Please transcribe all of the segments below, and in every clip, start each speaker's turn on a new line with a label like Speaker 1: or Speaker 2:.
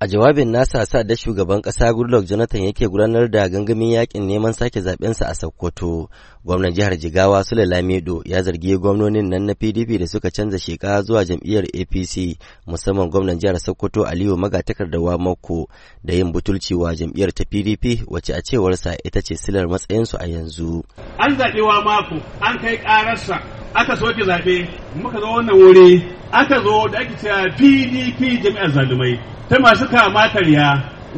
Speaker 1: A jawabin nasa sa da shugaban ƙasa Goodluck Jonathan yake gudanar da gangamin yakin neman sake zaɓensa a Sokoto, gwamnan jihar Jigawa Sule Lamido ya zargi gwamnonin nan na PDP da suka canza sheka zuwa jam'iyyar APC, musamman gwamnan jihar Sokoto Aliyu Magatakardawa Mako da yin butulci wa jam'iyyar ta PDP wace a cewarsa ita ce silar matsayinsu a yanzu.
Speaker 2: An zaɓi wa Mako, an kai ƙararsa aka soke zaɓe muka zo wannan wuri aka zo da ake cewa pdp jami'ar zalumai ta masu kama karya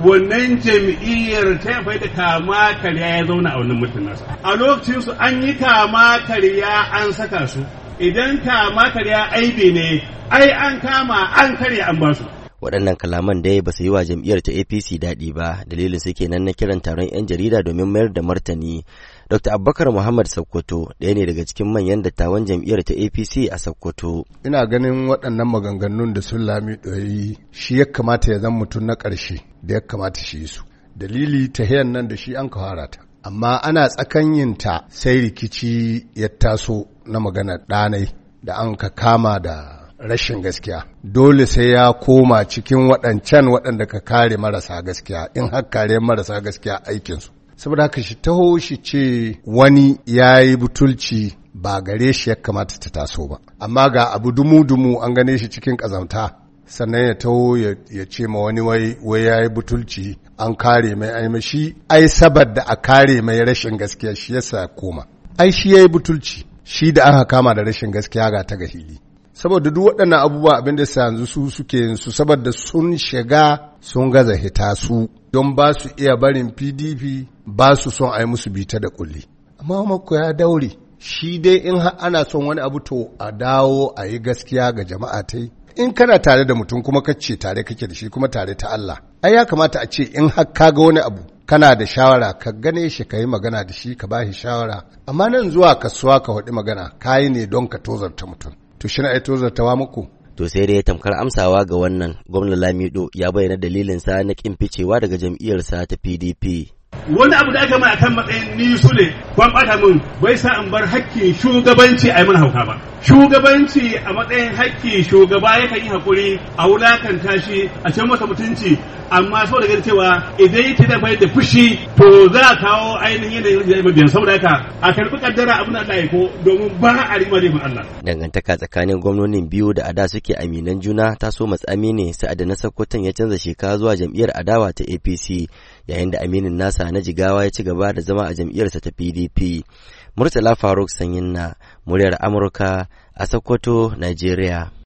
Speaker 2: wannan jam'iyyar ta yafai da kama karya ya zauna a wannan mutum nasa a lokacin su an yi kama karya an saka su idan kama karya aibi ne ai an kama an karya an basu
Speaker 1: waɗannan kalaman dai ba su yi wa jam'iyyar ta apc daɗi ba dalilin suke nan na kiran taron 'yan jarida domin mayar da martani Dr. Abubakar Muhammad Sokoto ɗaya ne daga cikin manyan dattawan jam'iyyar ta APC a Sokoto.
Speaker 3: Ina ganin waɗannan maganganun da sun lami ɗoyi shi ya kamata ya zama mutum na ƙarshe da ya kamata shi su. Dalili ta nan da shi an kawara ta. Amma ana ta sai rikici ya taso na magana ɗanai da an ka kama da rashin gaskiya. Dole sai ya koma cikin waɗancan waɗanda ka kare marasa gaskiya in har kare marasa gaskiya aikinsu. saboda haka shi taho shi ce wani ya yi butulci ba gare shi ya kamata ta taso ba amma ga abu dumu-dumu an gane shi cikin kazamta sannan ya taho ya ce ma wani wai ya yi butulci an kare mai aima shi ai sabar da a kare mai rashin gaskiya shi yasa koma ai shi ya yi butulci shi da aka kama da rashin gaskiya ga ta gahili hili saboda duk waɗannan abubuwa abin da yanzu su suke su saboda sun shiga sun gaza hita su don ba su iya barin pdp ba su son a yi musu bita da kulli amma mako ya daure shi dai in ana son wani abu to a dawo a yi gaskiya ga jama'a ta in kana tare da mutum kuma ka ce tare kake da shi kuma tare ta Allah ai ya kamata a ce in har ka ga wani abu kana da shawara ka gane shi ka yi magana da shi ka ba shi shawara amma nan zuwa kasuwa ka faɗi magana ka yi ne don ka tozarta mutum
Speaker 1: to shi na muku to sai dai tamkar amsawa ga wannan gwamnan lamido ya bayyana dalilinsa na kin ficewa daga jam'iyyarsa ta pdp
Speaker 2: wani abu da aka mai akan matsayin ni su ne kwan bata min bai sa in bar hakkin shugabanci a yi mana hauka ba shugabanci a matsayin hakki shugaba ya kan yi hakuri a wulakanta shi a can masa mutunci amma saboda ganin cewa idan yake da bai da fushi to za a kawo ainihin yanayin da mabiyan saboda haka a karbi kaddara abin da Allah ya ko domin ba a rima da Allah
Speaker 1: dangantaka tsakanin gwamnonin biyu da ada suke aminan juna ta so matsami ne sa'ad da na sakkwatan ya canza shekara zuwa jam'iyyar adawa ta APC yayin da aminin nasa na na jigawa ya ci gaba da zama a jam'iyyarsa ta pdp murtala faruk sanyin na muryar amurka a sokoto Najeriya.